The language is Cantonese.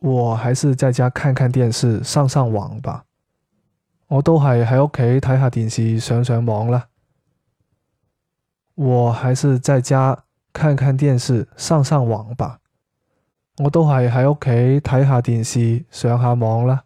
我還是在家看看電視，上上網吧。我都係喺屋企睇下電視，上上網啦。我還是在家看看電視，上上網吧。我都係喺屋企睇下電視，上下網啦。